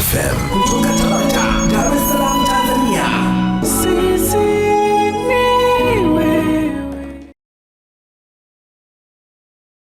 FM.